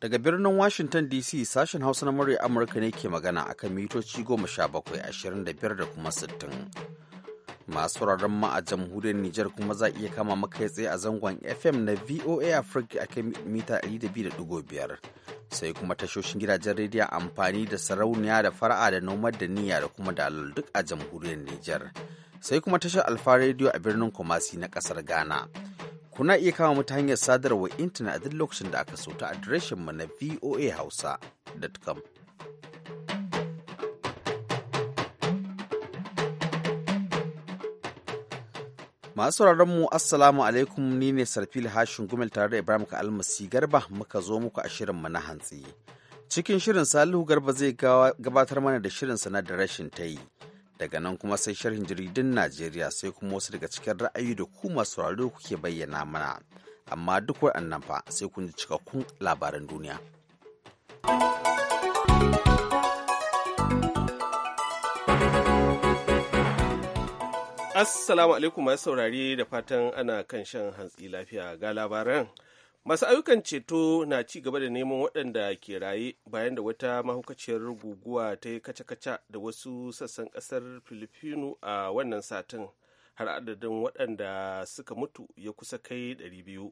Daga birnin Washington DC sashen Hausa na murya Amurka ne ke magana a kan mitoci goma sha bakwai ashirin da biyar da kuma sittin. Masu rarren ma a jamhuriyar Nijar kuma za iya kama maka tsaye a zangon FM na VOA Africa kan mita 200.5 sai kuma tashoshin gidajen rediyon amfani da sarauniya da fara'a da nomar da niyya da kuma dalil duk a jamhuriyar Nijar. sai kuma tashar Alfa Radio a birnin Kumasi na kasar Ghana. Kuna iya kama mu ta hanyar sadarwar intanet a duk lokacin da aka so ta adireshin mu na voa hausa.com Masu sauraron mu Assalamu alaikum ni ne Sarfil Hashin Gumel tare da Ibrahim ka almasi Garba muka zo muku a shirin mu na hantsi. Cikin shirin Salihu Garba zai gabatar mana da shirin sana da rashin ta yi. daga nan kuma sai sharhin jaridun najeriya sai kuma wasu daga cikin ra'ayi da ku masu sauraro kuke bayyana mana amma duk waɗannan fa sai kun ji cikakkun labaran duniya assalamu alaikum masu saurari da fatan ana kan shan hantsi lafiya ga labaran masu ayyukan ceto na ci gaba da neman waɗanda ke raye bayan da wata mahaukaciyar guguwa ta yi kaca-kaca da wasu sassan ƙasar filifinu a wannan satin har adadin waɗanda suka mutu ya kusa kai 200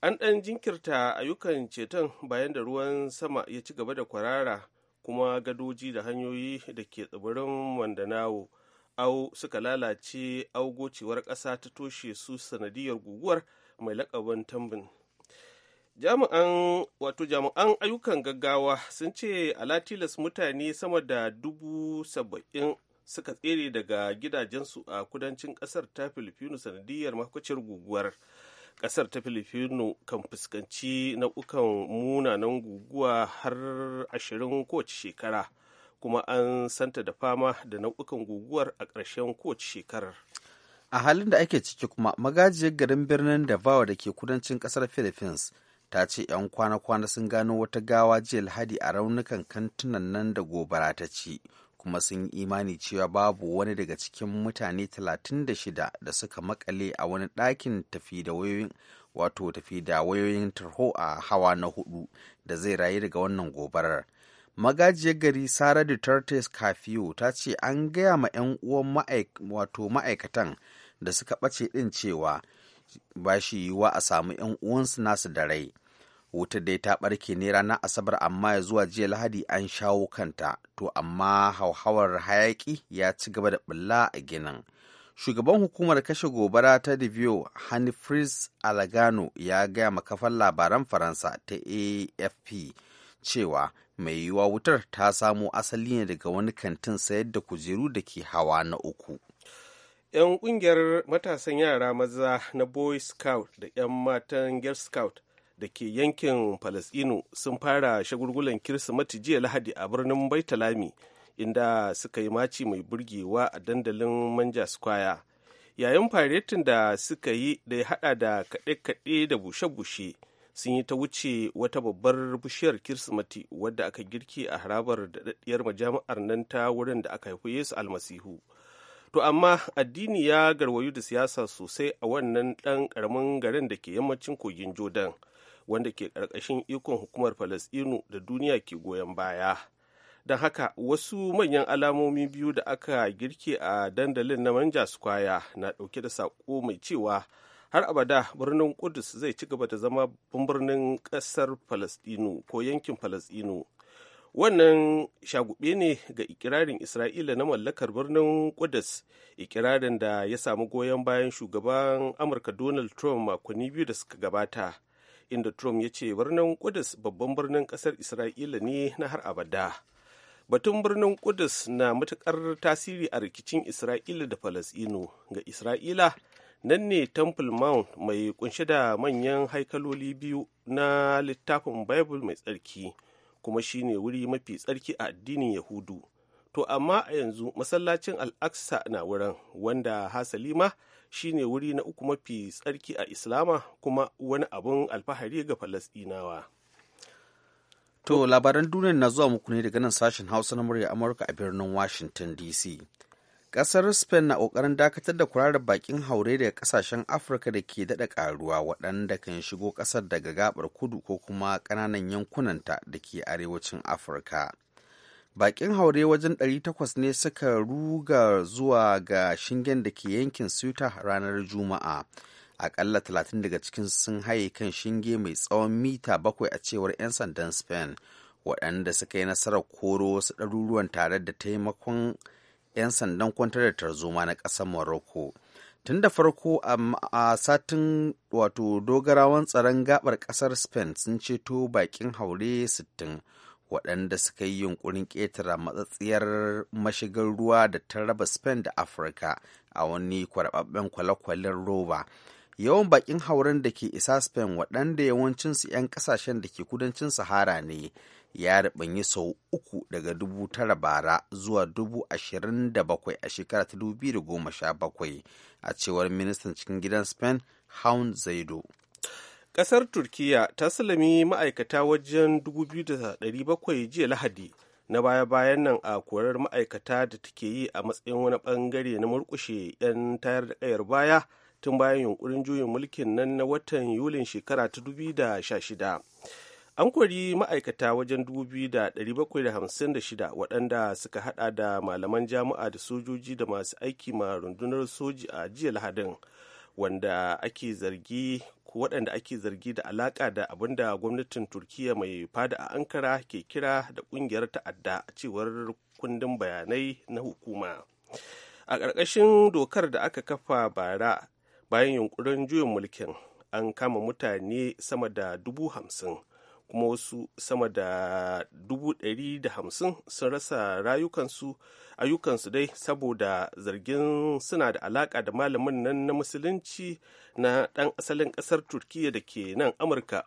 an ɗan jinkirta ayyukan ceton bayan da ruwan sama ya ci gaba da kwarara kuma gadoji da hanyoyi da ke tsibirin wandanawo au suka lalace augocewar ƙasa ta toshe su sanadiyar guguwar mai lakabin tambin jami'an wato jami'an ayyukan gaggawa sun ce alatilas mutane sama da dubu saba'in suka tsere daga gidajensu a kudancin kasar ta filifino sanadiyar makwacin guguwar kasar ta filifino kan fuskanci nau'ukan munanan guguwa har ashirin kowace shekara kuma an santa da fama da nau'ukan guguwar a ƙarshen kowace shekarar a halin da ake ciki kuma magajiyar garin birnin dabawa da ke kudancin kasar philippines ta ce 'yan kwana-kwana sun gano wata gawa jiya Lahadi a raunukan kantunan nan da gobara ta ci kuma sun yi imani cewa babu wani daga cikin mutane 36 da suka makale a wani ɗakin tafi da wayoyin wato tafi da wayoyin tarho a hawa na hudu da zai rayu daga wannan gobarar. magajiyar gari sara duterte kafiyo ta ce an gaya ma 'yan uwan ma'aikatan da suka ɓace din cewa ba shi yiwuwa a samu 'yan uwansu nasu da rai wutar dai ta barke ne ranar asabar amma ya zuwa jiya lahadi an shawo kanta to amma hauhawar hayaki ya ci gaba da bulla a ginin shugaban hukumar kashe gobara ta divio hanifris alagano ya gaya makafan labaran faransa ta afp cewa mai yiwuwa wutar ta samo asali ne daga wani kantin sayar da kujeru da ke hawa na uku 'yan kungiyar matasan yara maza na boy scout da 'yan matan girl scout da ke yankin palestino sun fara shagulgulan kirsimati jiya lahadi a birnin baitalami inda suka yi maci mai burgewa a dandalin manja square yayin faretin da suka yi da ya hada da kaɗe-kaɗe da bushe-bushe sun yi ta wuce wata babbar bishiyar kirsimati wadda aka girki a harabar daɗaɗɗiyar majami'ar nan ta wurin da aka haifi yesu almasihu to amma addini ya garwayu da siyasa sosai a wannan ɗan ƙaramin garin da ke yammacin kogin jordan wanda ke ƙarƙashin ikon hukumar falasɗinu da duniya ke goyon baya don haka wasu manyan alamomi biyu da aka girke a dandalin na manja square na ɗauke da saƙo mai cewa har abada birnin kudus zai ci gaba da zama birnin ƙasar falasɗinu ko yankin falasɗinu wannan shagube ne ga ikirarin isra'ila na mallakar birnin kudus ikirarin da ya samu goyon bayan shugaban amurka donald trump makonni biyu da suka gabata inda trump ya ce birnin kudus babban birnin kasar isra'ila ne na har abada batun birnin kudus na matukar tasiri a rikicin isra'ila da falasino ga isra'ila nan ne temple mount mai kunshe da manyan haikaloli biyu na littafin bible mai tsarki kuma shi ne wuri mafi tsarki a addinin yahudu to amma a yanzu masallacin al'aksa na wurin wanda hasali ma ne wuri na uku mafi tsarki a islama kuma wani abun alfahari ga falasdinawa to labaran duniya na zuwa muku ne daga nan sashen hausa na murya amurka a birnin washington dc kasar spain na kokarin dakatar da kurarar bakin haure daga kasashen afirka da ke dada karuwa waɗanda kan shigo kasar daga gabar kudu ko kuma ƙananan yankunanta da ke arewacin afirka bakin haure wajen 800 ne suka ruga zuwa ga shingen da ke yankin suta ranar juma'a akalla 30 daga cikin sun haye kan shinge mai tsawon mita bakwai a cewar 'yan sandan spain waɗanda suka yi nasarar koro wasu ɗaruruwan tare da taimakon 'yan sandan kwantar da tarzoma na ƙasar morocco tun da farko a satin wato dogarawan tsaron gabar ƙasar spain sun ceto bakin haure 60 waɗanda suka yi yunkurin ƙetara matsatsiyar mashigar ruwa da ta raba spain da afirka a wani kwarɓaɓɓen kwale-kwalen roba yawan bakin hauren da ke isa spain waɗanda yawancinsu 'yan ƙasashen da ke kudancin sahara ne ya ribanyi sau uku daga dubu tara bara zuwa dubu ashirin da bakwai a shekara ta dubu da goma sha bakwai a cewar ministan cikin gidan spain haun zaido ƙasar turkiya ta salami ma'aikata wajen 2,700 jiya lahadi na baya-bayan nan a korar ma'aikata da take yi a matsayin wani bangare na murkushe 'yan tayar da kayar baya tun bayan yunkurin juyin mulkin nan na watan yulin shekara ta da shida an kori ma'aikata wajen 2,756 waɗanda suka hada da malaman jami'a da sojoji da masu aiki ma rundunar soji a jiya lahadin wanda ake zargi waɗanda ake zargi da alaƙa da abin da gwamnatin turkiya mai fada a ankara ke kira da ƙungiyar ta'adda a cewar kundin bayanai na hukuma a ƙarƙashin dokar da aka kafa bara bayan yunkurin juyin mulkin an kama mutane sama da dubu hamsin kuma wasu sama da 150 sun rasa rayukansu ayyukansu dai saboda zargin suna da alaka da malamin nan na musulunci na ɗan asalin ƙasar turkiya da ke nan amurka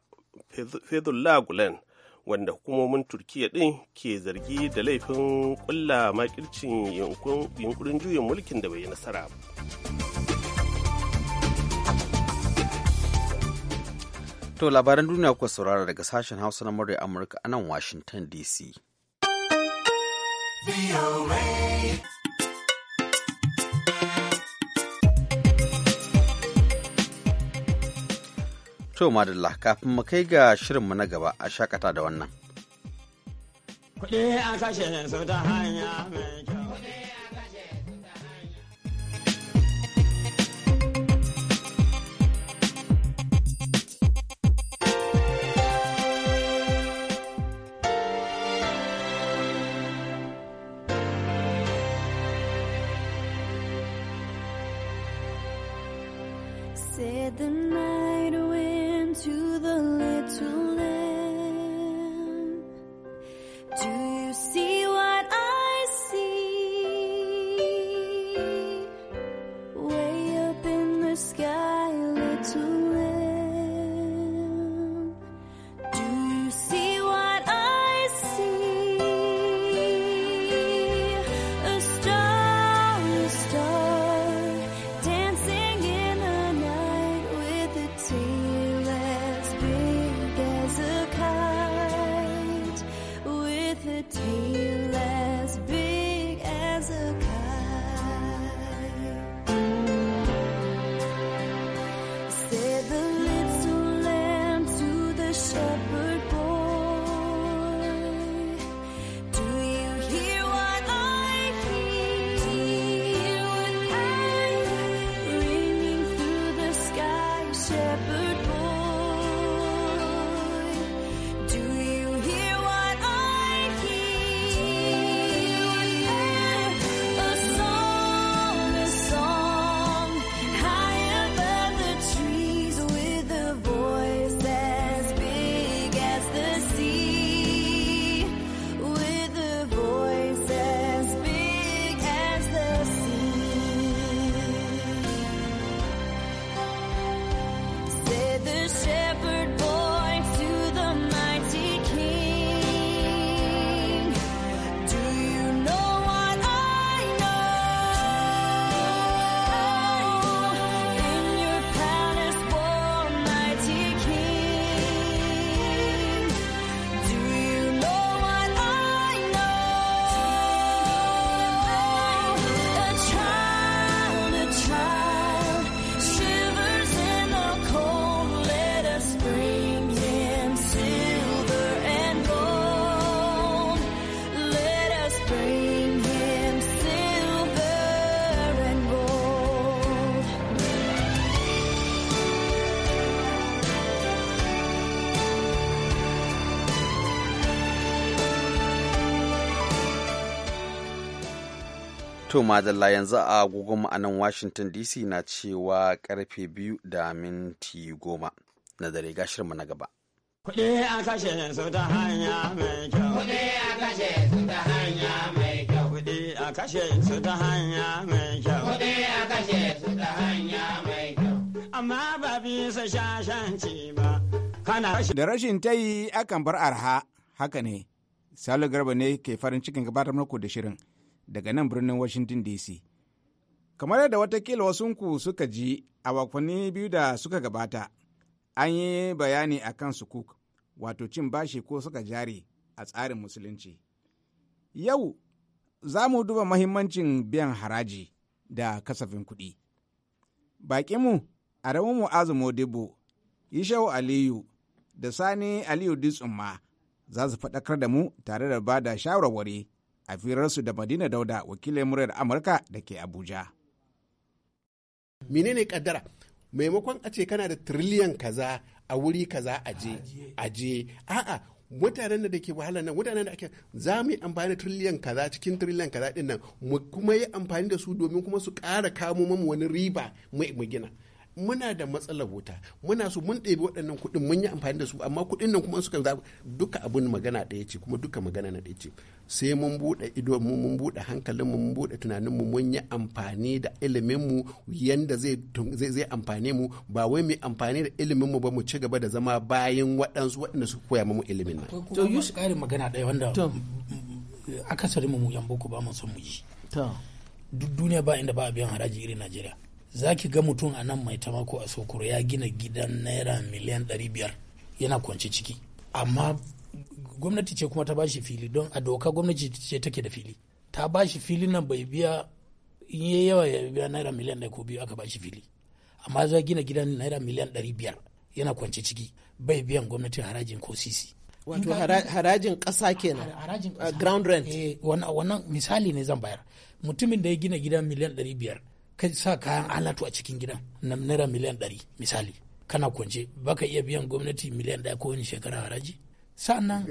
fethullah gulen wanda hukumomin turkiya ɗin ke zargi da laifin ƙulla makircin yunkurin juyin mulkin da bai yi nasara ba To labaran duniya kuka saurara daga sashen Hausa na murya Amurka a nan Washington DC. To madalla kafin mu kai ga shirinmu na gaba a shakata da wannan. Kuɗi a sashen yanzu ta hanya mai kyau. To madalla yanzu a agogon ma'anan Washington DC na cewa karfe biyu da minti goma na dare gashirinmu na gaba. Kuɗi a kashe su ta hanya mai kyau. Kuɗi a kashe su ta hanya mai kyau. Kuɗi a kashe su ta hanya mai kyau. Kuɗi a kashe su ta hanya mai kyau. Amma ba bisa shashanci ba. Kana rashin. Da rashin ta yi akan bar arha haka ne. Salo Garba ne ke farin cikin gabatar muku da shirin. daga nan birnin Washington DC. Kamar yadda watakila wasunku suka ji a wakwanni biyu da suka gabata, an yi bayani a kan sukuk, wato cin bashi ko suka jari a tsarin musulunci. Yau, za mu duba mahimmancin biyan haraji da kasafin kuɗi. Baƙinmu, Adamu Mu'azu Modibo, Yishau Aliyu da Sani Aliyu ma za su faɗakar da mu tare da ba da shawarwari a firarsu da madina dauda wakilin muryar amurka da ke abuja menene kaddara maimakon a ce kana da tiriliyan kaza a wuri kaza aje aje a'a mutanen da ke wahala nan mutanen da ake za mu yi amfani da tiriliyan kaza cikin tiriliyan kaza din mu kuma yi amfani da su domin kuma su kara kamo mamu wani riba mu gina muna da matsalar wuta muna so mun ɗebi waɗannan kuɗin mun yi amfani da su amma kuɗin nan kuma suka zaɓi duka abin magana ɗaya ce kuma duka magana na ɗaya ce sai mun buɗe ido mun buɗe hankalin mun buɗe tunanin mu mun yi amfani da ilimin mu yanda zai zai amfane mu ba wai mu amfani da ilimin mu ba mu ci gaba da zama bayan waɗansu waɗanda su koya mu ilimin nan to yusuf ƙarin magana ɗaya wanda akasarin mu yan boko ba mu son mu yi duk duniya ba inda ba a biyan haraji irin Najeriya za ki ga mutum a nan mai tamako a sokoro ya gina gidan naira miliyan 500 yana kwance ciki amma gwamnati ce kuma ta bashi fili don a doka gwamnati ce take da fili ta bashi fili nan bai biya in yawa ya biya naira miliyan ɗaya ko biyu aka bashi fili amma za gina gidan naira miliyan 500 yana kwance ciki bai biyan gwamnatin harajin ko sisi wato harajin ƙasa kenan harajin uh, ground rent eh, wannan misali ne zan bayar mutumin da ya gina gidan miliyan 500 ka sa kayan alatu a cikin gidan na naira miliyan ɗari misali kana kwance baka iya biyan gwamnati miliyan ɗaya kowane shekara haraji sa'annan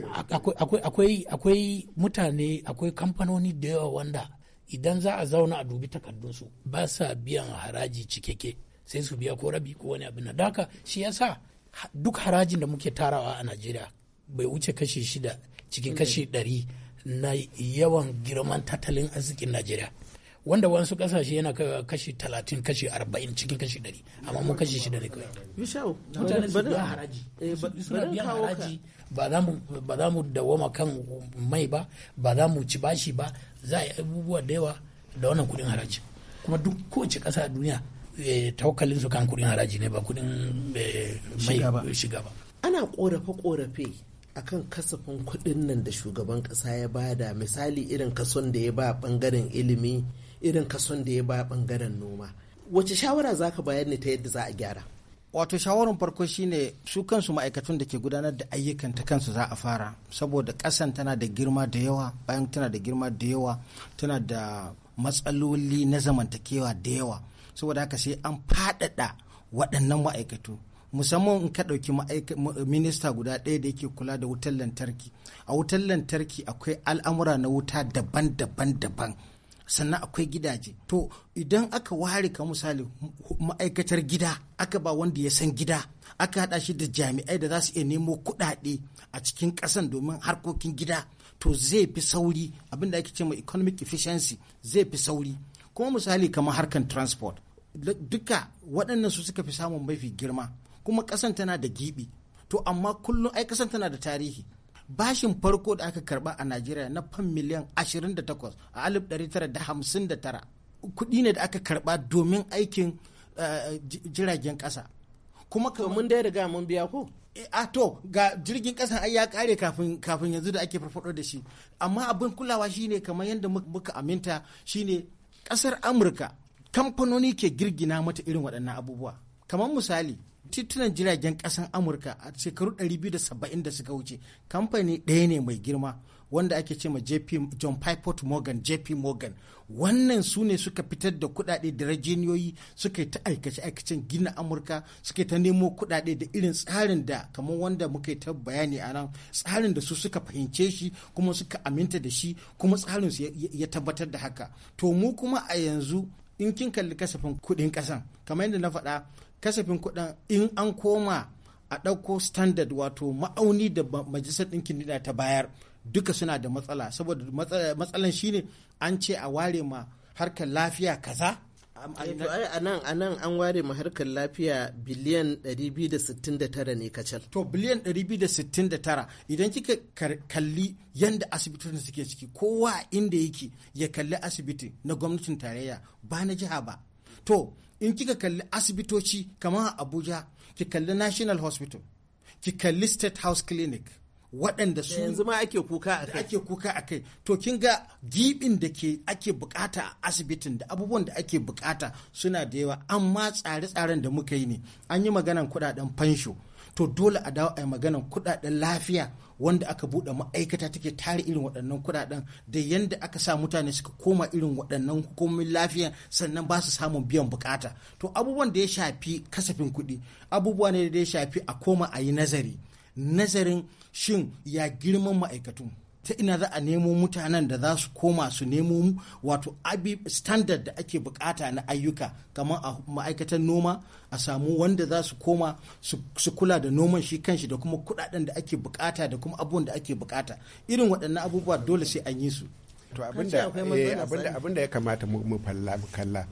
akwai mutane akwai kamfanoni da yawa wanda idan za a zauna a dubi takardunsu ba sa biyan haraji cikeke sai su biya ko rabi ko wani abin da haka shi yasa duk harajin da muke tarawa a najeriya bai wuce kashi shida cikin kashi ɗari na yawan girman tattalin arzikin najeriya wanda wasu kasashe yana kashi talatin kashi arba'in cikin kashi ɗari amma mun kashi shida ne kawai mutane su biya haraji eh, biya haraji ba za mu dawoma kan mai ba ba za mu ci bashi ba za a yi abubuwa da yawa da wannan kuɗin haraji kuma duk kowace ƙasa a duniya eh, tawakkalin su kan kuɗin haraji ne ba kuɗin eh, mai shiga ba ana ƙorafe-ƙorafe kan kasafin kuɗin nan da shugaban ƙasa ya bada misali irin kason da ya ba ɓangaren ilimi irin kason da ya ba bangaren noma wace shawara za ka bayar ne ta yadda za a gyara wato shawarar farko shine su kansu ma'aikatan da ke gudanar da ayyukan ta kansu za a fara saboda kasan tana da girma da yawa bayan tana da girma da yawa tana da matsaloli na zamantakewa da yawa saboda haka sai an faɗaɗa waɗannan ma'aikatu musamman in ka ɗauki minista guda ɗaya da yake kula da wutar lantarki a wutar lantarki akwai al'amura na wuta daban-daban daban sannan akwai gidaje to idan aka ware ka misali ma'aikatar gida aka ba wanda ya san gida aka hada shi da jami'ai da za su iya nemo kuɗaɗe a cikin kasan domin harkokin gida to zai fi sauri abinda ake ce ma economic efficiency zai fi sauri kuma misali kamar harkan transport duka waɗannan su suka fi samun mafi girma kuma ƙasan tana da giɓi to amma kullum ai ƙasan tana da tarihi bashin farko da aka karba a najeriya na fan miliyan 28 a 1959 kudi ne da aka karba domin aikin eh, jiragen kasa. kuma da ya riga mun biya ko eh, a ah, to ga jirgin kasan ai ya kare kafin kafin yanzu da ake farfado da shi amma abin kulawa shine kamar yadda muka aminta shine kasar amurka kamfanoni ke girgina mata irin waɗannan abubuwa kamar misali titunan jiragen kasan amurka a shekaru 270 da suka wuce kamfani ɗaya ne mai girma wanda ake ce ma jp john pipot morgan jp morgan wannan su ne suka fitar da kudade da rajiniyoyi suka yi ta aikace aikacen gina amurka suka yi ta nemo kudade da irin tsarin da kamar wanda muka yi ta bayani a nan tsarin da su suka fahimce shi kuma suka aminta da shi kuma tsarin su ya tabbatar da haka to mu kuma a yanzu in kin kalli kasafin kudin kasan kamar yadda na faɗa kasafin kuɗin in an koma a ɗauko standard wato ma'auni da majalisar ɗinkin duniya ta bayar duka suna da matsala saboda matsalan shine an ce a ware ma harkar lafiya kaza a eh, nan a nan an ware ma harkar lafiya biliyan 269 ne kacal to biliyan 269 idan kika kalli yadda asibitin suke ciki kowa inda yake ya kalli asibiti na gwamnatin tarayya ba na jiha ba to in kika kalli asibitoci kamar abuja ki kalli national hospital ki kalli state house clinic waɗanda su yanzu ma ake kuka a kai ake kuka a kai to kin ga gibin da ke ake bukata a asibitin da abubuwan da ake bukata suna da yawa amma tsare-tsaren da muka yi ne an yi maganan kuɗaɗen fansho to dole a dawo a yi magana kudaden lafiya wanda aka buɗe ma'aikata take tare irin waɗannan kudaden da yadda aka sa mutane suka koma irin waɗannan hukumomin lafiya sannan ba su samun biyan bukata to abubuwan da ya shafi kasafin kuɗi abubuwa ne da ya shafi a koma a yi nazari nazarin shin ya girman ma'aikatu ta ina za a nemo mutanen da za su koma su nemo wato abi standard da ake bukata na ayyuka kamar a ma'aikatan noma a samu wanda za su koma su kula da noman shi kanshi da kuma kudaden da ake bukata da kuma abubuwan da ake bukata irin waɗannan abubuwa dole sai an yi su to abinda eh, ya kamata mu kalla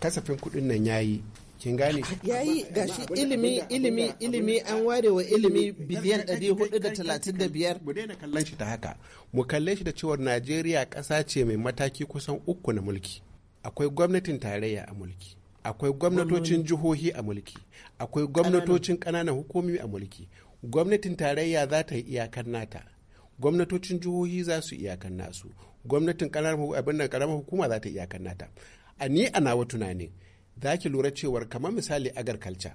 kasafin kudin nan yayi kin gane yayi gashi ilimi ilimi ilimi an ware wa ilimi biliyan 435 mu daina kallon shi ta haka mu kalle shi da cewar Najeriya ƙasa ce mai mataki kusan uku na mulki akwai gwamnatin tarayya a mulki akwai gwamnatocin jihohi a mulki akwai gwamnatocin ƙananan hukumi a mulki gwamnatin tarayya za ta yi iyakar nata gwamnatocin jihohi za su iyakar nasu gwamnatin ƙananan abin nan ƙaramar hukuma za ta iyakar nata a ni ana wa tunanin za ki lura cewar kamar misali agarkalca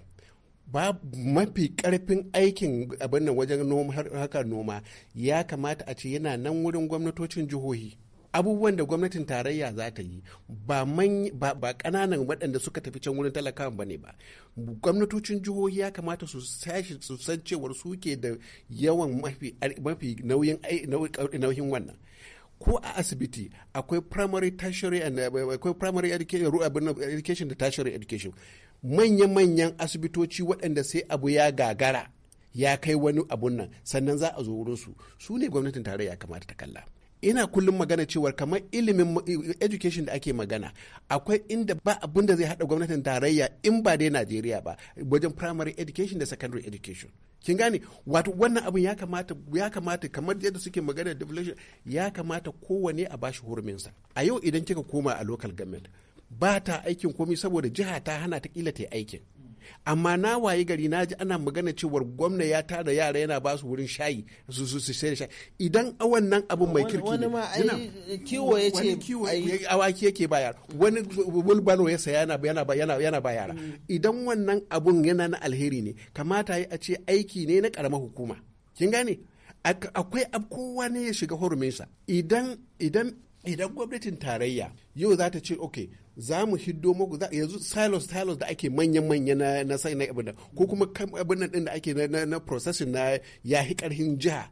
ba mafi karfin aikin abin wajen haka noma ya kamata a ce yana nan wurin gwamnatocin jihohi abubuwan da gwamnatin tarayya za ta yi ba kananan waɗanda suka tafi can wurin talakawa ba ne ba gwamnatocin jihohi ya kamata su sashi su san cewar suke da yawan mafi nauyin wannan ko a asibiti akwai primary tertiary and eh, eh, akwai primary eh, education da tertiary education manya-manyan asibitoci waɗanda sai abu ya gagara ya kai wani abun nan sannan za a zo su su ne gwamnatin tarayya kamata ta kalla ina kullum magana cewa kamar ilimin education da ake magana akwai inda ba abun da zai hada gwamnatin tarayya in ba dai Najeriya ba wajen primary education da secondary education kin gane wato wannan abin ya kamata ya kamata kamar yadda suke magana devolution ya kamata kowane a bashi huruminsa a yau idan kika koma a local government ba ta aikin komi saboda jiha ta hana ta kila ta aikin amma na waye gari na ji ana magana cewar gwamna ya tara yara yana ba su wurin shayi su su sai shayi idan awan abun mai kirki wani ma kiwo ya ce awaki yake ba yara wani bulbalo ya saya yana ba yara mm. idan wannan abun yana na alheri ne kamata a ce aiki ne na karamar hukuma kin gane akwai kowa ne ya shiga sa idan idan idan gwamnatin tarayya yau za ta ce ok za mu hiddo muku yanzu silos silos da ake manyan manya na na sai na abin ko kuma abin nan din da ake na na processing na ya hi karhin jiha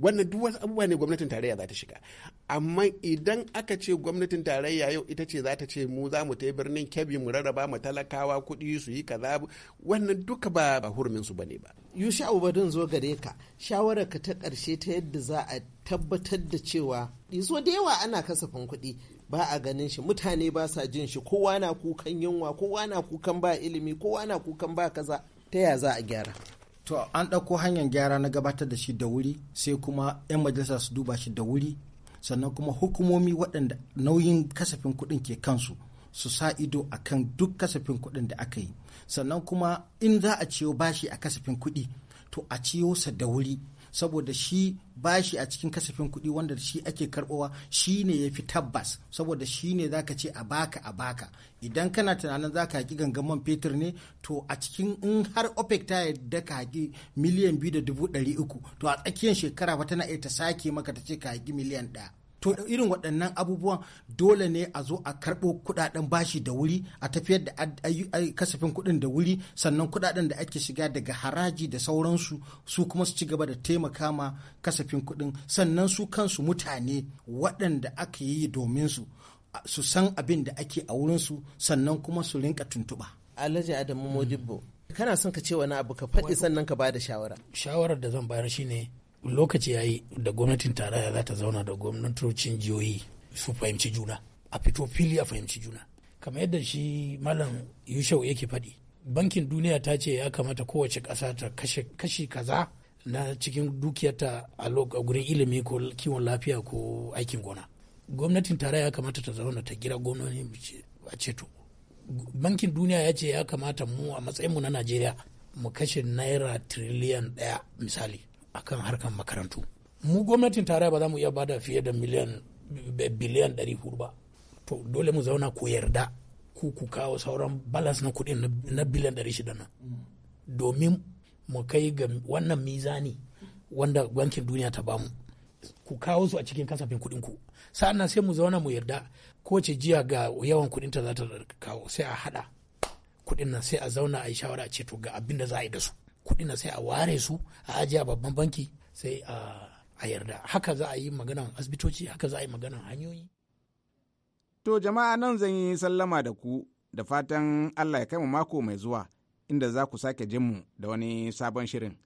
wannan duk wasu abubuwa ne gwamnatin tarayya za ta shiga amma idan aka ce gwamnatin tarayya yau ita ce za ta ce mu za mu tai birnin kebbi mu rarraba mu talakawa kuɗi su yi kaza wannan duka ba ba hurumin su bane ba yusha ubadin zo gare ka shawara ka ta ƙarshe ta yadda za a tabbatar da cewa so da yawa ana kasafin kuɗi ba a ganin shi mutane ba sa jin shi kowa na kukan yunwa kowa na kukan ba ilimi kowa na kukan ba kaza ta ya za a gyara to an ɗauko hanyar gyara na gabatar da shi da wuri sai kuma 'yan majalisa su duba shi da wuri sannan kuma hukumomi waɗanda nauyin kasafin kuɗin ke kansu su sa ido a kan duk kasafin kuɗin da aka yi sannan kuma in za a ciyo bashi a kasafin kuɗi to a ciyo sa da wuri saboda shi bashi a cikin kasafin kuɗi wanda shi ake karɓowa shi ne ya fi tabbas saboda shi ne za ce a baka a baka idan kana tunanin za ka haƙi gangaman fetur ne to a cikin in har opec ta yadda ka haƙi miliyan biyu da dubu ɗari uku to a tsakiyar shekara fa tana iya ta sake maka ta ce ka haƙi miliyan ɗaya to irin waɗannan abubuwan dole ne a zo a karɓo kuɗaɗen bashi da wuri a tafiyar da kasafin kuɗin da wuri sannan kuɗaɗen da ake shiga daga haraji da sauransu su kuma su ci gaba da taimaka ma kasafin kuɗin sannan su kansu mutane waɗanda aka yi domin su su san abin da ake a wurinsu sannan kuma su rinka tuntuɓa. Alhaji Adamu Modibbo, kana son ka ce wani abu ka faɗi sannan ka bada shawara. Shawarar da zan bayar shine lokaci ya yi da gwamnatin tarayya za ta zauna da gwamnatocin jihohi su fahimci juna a fito fili a fahimci juna kamar yadda shi malam yushau yake faɗi bankin duniya ta ce ya kamata kowace ƙasa ta kashi kaza na cikin dukiyarta a gurin ilimi ko kiwon lafiya ko aikin gona gwamnatin tarayya ya kamata ta zauna ta gira gwamnatin a ceto bankin duniya ya ce ya kamata mu a matsayinmu na najeriya mu kashe naira tiriliyan ɗaya misali akan harkar makarantu mu gwamnatin tarayya ba za mu iya bada fiye da miliyan eh, biliyan ɗari hudu ba to dole mu zauna ku yarda ku ku kawo sauran balas na kuɗi na biliyan dari shida nan domin mu kai ga wannan mizani wanda bankin duniya ta bamu ku kawo su a cikin kasafin kuɗin ku sa'an nan sai mu zauna mu yarda ko ce jiya ga yawan kuɗin ta za ta kawo sai a haɗa kuɗin nan sai a zauna a yi shawara a ce to ga abin da za a yi da su kuɗi na sai a ware su a ajiye a babban banki sai a yarda haka za a yi maganan asibitoci haka za a yi maganan hanyoyi to jama'a nan zan yi sallama da ku da fatan allah ya kai mu mako mai zuwa inda za ku sake jin mu da wani sabon shirin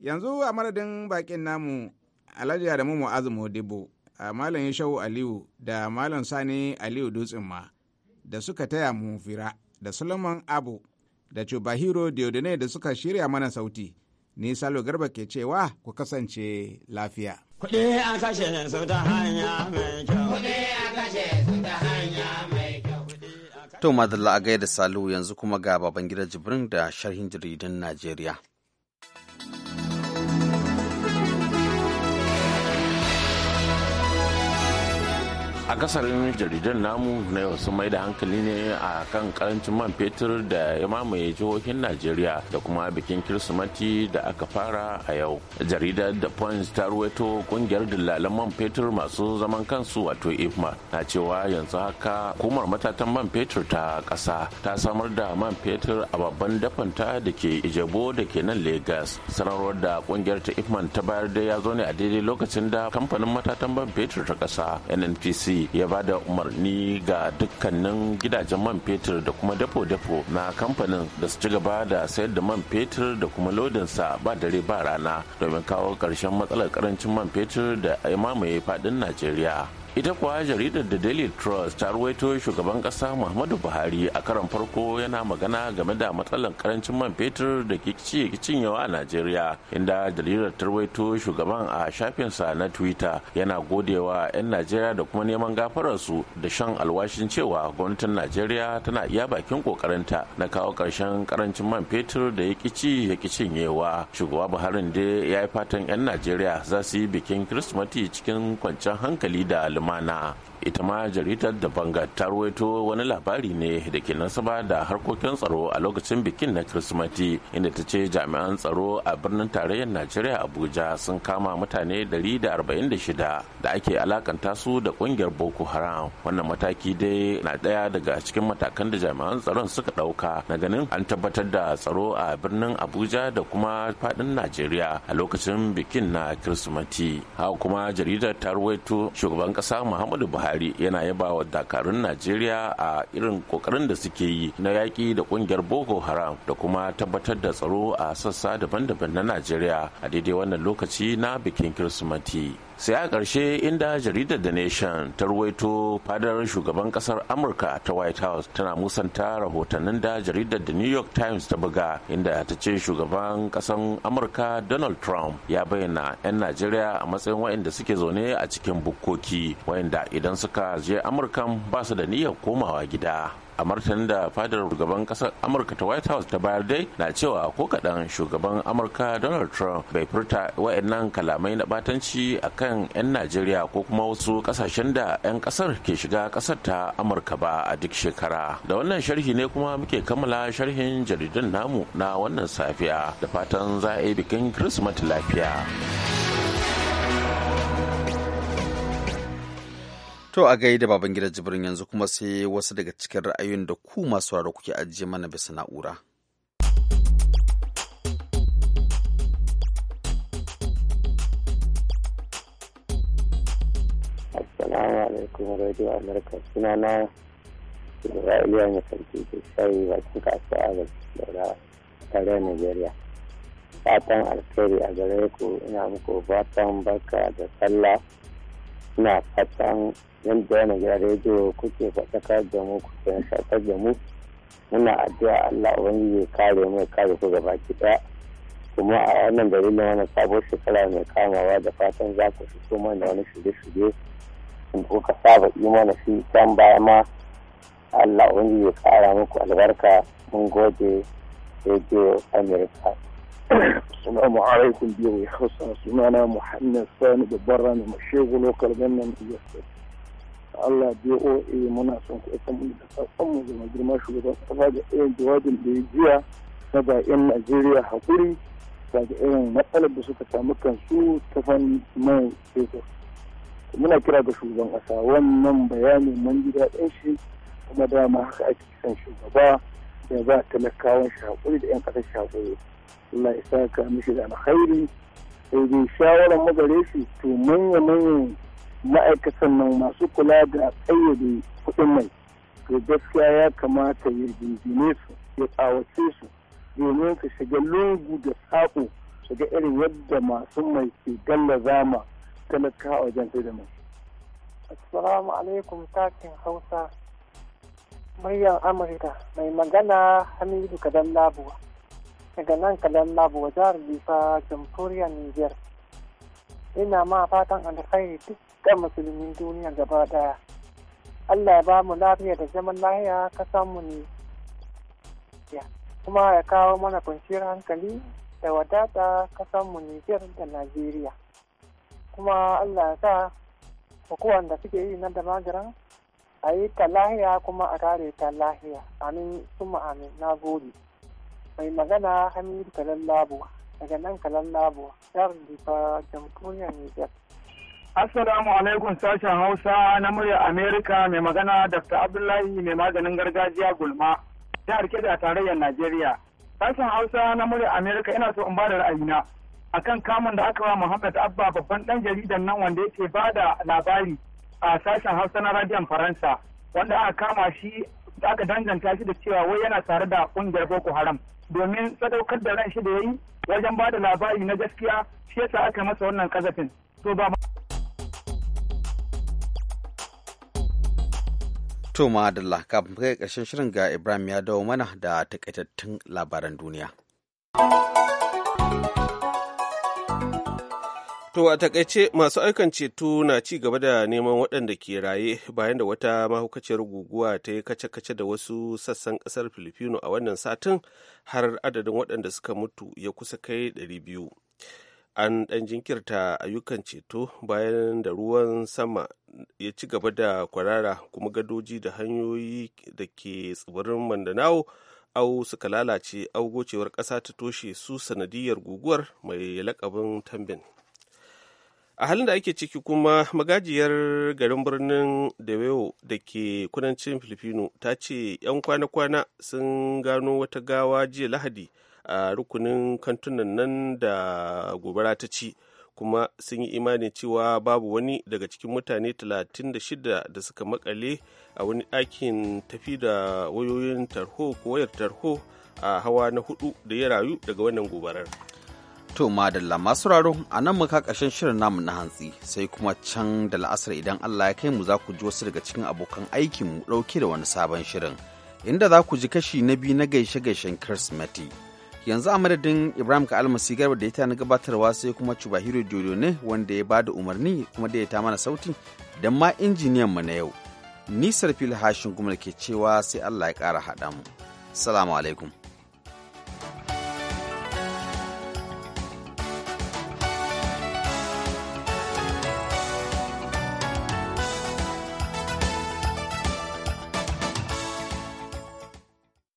yanzu a madadin bakin namu alhaji adamu mu'azu modibo a malam yashau aliyu da malam sani aliyu dutsen ma da suka taya mu fira da solomon abu da Chubahiro Diodone da suka shirya mana sauti. Ni Salo Garba ke cewa ku kasance lafiya. Kuɗi a kashe su ta hanya mai kyau. Kuɗi an kashe su ta hanya mai kyau. To a gaida Salo yanzu kuma ga baban Jibrin da sharhin jaridan Najeriya. A kasarin jaridar namu na yau sun mai da hankali ne a kan karancin man fetur da ya mamaye jihohin najeriya da kuma bikin kirsimati da aka fara a yau jaridar da points ta ruwaito kungiyar dillalan man fetur masu zaman kansu wato ifma na cewa yanzu haka hukumar matatan man fetur ta kasa ta samar da man fetur a babban dafanta da ke ijebo da ke nan lagos sanarwar da kungiyar ta ifman ta bayar da ya zo ne a daidai lokacin da kamfanin matatan man fetur ta kasa nnpc ya ba da umarni ga dukkanin gidajen man fetur da kuma dafo-dafo na kamfanin da su ci gaba da sayar da man fetur da kuma lodinsa ba dare ba rana domin kawo ƙarshen matsalar karancin man fetur da ya mamaye faɗin najeriya ita kuwa jaridar da daily trust ta ruwaito shugaban kasa muhammadu buhari a karon farko yana magana game da matsalar karancin man fetur da ke cinyewa a najeriya inda jaridar ta ruwaito shugaban a shafinsa na twitter yana godewa 'yan najeriya da kuma neman gafararsu da shan alwashin cewa gwamnatin najeriya tana iya bakin kokarinta na kawo karshen karancin man fetur da ya kici ya cinyewa shugaba buhari da ya yi fatan 'yan najeriya za su yi bikin kirsimati cikin kwanciyar hankali da alama nah. ita ma jaridar da banga ta ruwaito wani labari ne da ke nasaba da harkokin tsaro a lokacin bikin na kirsimati inda ta ce jami'an tsaro a birnin tarayyar najeriya abuja sun kama mutane 146 da ake alakanta su da kungiyar boko haram wannan mataki dai na daya daga cikin matakan da jami'an tsaron suka dauka na ganin an tabbatar da tsaro a birnin abuja da kuma fadin najeriya a lokacin bikin na kirsimati haka kuma jaridar ta ruwaito shugaban kasa muhammadu buhari Buhari yana yaba wa dakarun Najeriya a irin kokarin da suke yi na yaƙi da ƙungiyar Boko Haram da kuma tabbatar da tsaro a sassa daban-daban na Najeriya a daidai wannan lokaci na bikin kirsimati sai a ƙarshe inda jaridar the nation ta ruwaito fadar shugaban ƙasar amurka ta white house tana musanta rahotannin da jaridar the new york times ta buga inda ta ce shugaban ƙasar amurka donald trump ya bayyana 'yan najeriya a matsayin waɗanda suke zaune a cikin bukkoki waɗanda idan suka je amurkan ba su da niyyar komawa gida a martanin da fadar shugaban kasar amurka ta white house ta bayar dai na cewa ko kaɗan shugaban amurka donald trump bai furta wa'annan kalamai na batanci akan 'yan najeriya ko kuma wasu kasashen da 'yan kasar ke shiga kasar ta amurka ba a duk shekara da wannan sharhi ne kuma muke kammala sharhin jaridan namu na wannan safiya da fatan za a yi bikin kirsimeti lafiya To a gaida baban gida jibrin yanzu kuma sai wasu daga cikin ra'ayoyin da ku masu raro kuke ajiye mana bisa na'ura. Assalamu alaikum Radio America suna na Isra'iliya ne sarki ke shayi bakin kasuwa ga daura tare Nigeria. Fatan alkhairi a gare ku ina muku fatan barka da sallah suna fatan yadda wani gidan rediyo kuke faɗakar da mu kuke nishaɗar da mu muna addu'a Allah ubangiji ya kare mu ya kare ku gaba ki kuma a wannan dalilin wani sabon shekara mai kamawa da fatan za ku fito mana wani shirye-shirye in kuka saba yi mana shi can baya ma Allah ubangiji ya kara muku albarka mun gode rediyo Amerika Assalamu alaikum biyu hausa sunana Muhammad Sani babban rami shegu lokal gannan Iyasar. Allah BOA muna son ku isa mun da sakon mu zama girma shugaban kasa da irin jawabin da ya jiya na bayan Najeriya hakuri ga irin matsalar da suka samu kansu ta fannin mai fetur. Muna kira ga shugaban kasa wannan bayanin man gida ɗin shi kuma dama haka ake son shugaba da za talakawan shi hakuri da 'yan kasar shi hakuri. Allah ya saka mishi da alkhairi sai dai shawarar magare shi to manya manyan ma'aikatan nan masu kula da tsayyade kuɗin mai to gaskiya ya kamata ya jinjine su ya tsawace su domin su shiga lungu da saƙo su ga irin yadda masu mai ke gallaza ma talaka a wajen sai da mai. Assalamu alaikum takin Hausa. Muryar Amurka mai magana Hamidu Kadan Labuwa. daga nan kalan labu jihar bisa jamhuriyar niger ina ma fatan alkhairi dukkan musulmin duniya gaba daya allah ya ba mu lafiya da zaman lahiya ka samu ne kuma ya kawo mana kwanciyar hankali da wadata ka samu niger da najeriya kuma allah ya sa hukuwan da suke yi na damagaran a yi ta lahiya kuma a kare ta lahiya amin suma amin na gode mai magana hamidu labuwa daga nan da jihar difa jamhuriyar niger assalamu alaikum sashen hausa na murya amerika mai magana dr abdullahi mai maganin gargajiya gulma jihar kebbi a tarayyar najeriya sashen hausa na murya amerika yana so in ba da ra'ayina akan kamun da aka wa muhammad abba babban ɗan jaridan nan wanda yake ba da labari a sashen hausa na radiyon faransa wanda aka kama shi aka danganta shi da cewa wai yana tare da ƙungiyar boko haram domin sadaukar da ran shi da yayi wajen ba da labari na gaskiya shi yasa aka masa wannan kazafin to ba To ma'adalla kafin kai ƙarshen shirin ga Ibrahim ya dawo mana da takaitattun labaran duniya. To a takaice masu aikan ceto na ci gaba da neman waɗanda ke raye bayan da wata mahaukaciyar guguwa ta yi kace-kace da wasu sassan ƙasar Filifino a wannan satin har adadin waɗanda suka mutu ya kusa kai 200. An ɗan jinkirta ayyukan ceto bayan da ruwan sama ya ci gaba da kwarara kuma gadoji da hanyoyi da ke tsibirin Mandanao au suka lalace au gocewar ƙasa ta toshe su sanadiyar guguwar mai lakabin tambin. a halin da ake ciki kuma magajiyar garin birnin Dewewo da ke kudancin filifino ta ce 'yan kwana-kwana sun gano wata gawa jiya lahadi a rukunin kantunan nan da gobara ta ci kuma sun yi imanin cewa babu wani daga cikin mutane 36 da suka makale a wani ɗakin tafi da wayoyin tarho ko wayar tarho a hawa na hudu da ya rayu daga wannan gobarar. To madalla masu raro a nan muka ƙarshen shirin namu na hantsi sai kuma can da la'asar idan Allah ya kai mu za ku ji wasu daga cikin abokan aikin mu ɗauke da wani sabon shirin inda za ku ji kashi na biyu na gaishe-gaishen Kirsimeti. Yanzu a madadin Ibrahim ka almasi garba da ya ta na gabatarwa sai kuma cubahiro jojo ne wanda ya bada umarni kuma da ya ta mana sauti da ma injiniyan mu na yau. Nisar fili hashin kuma ke cewa sai Allah ya ƙara haɗa mu. Salamu alaikum.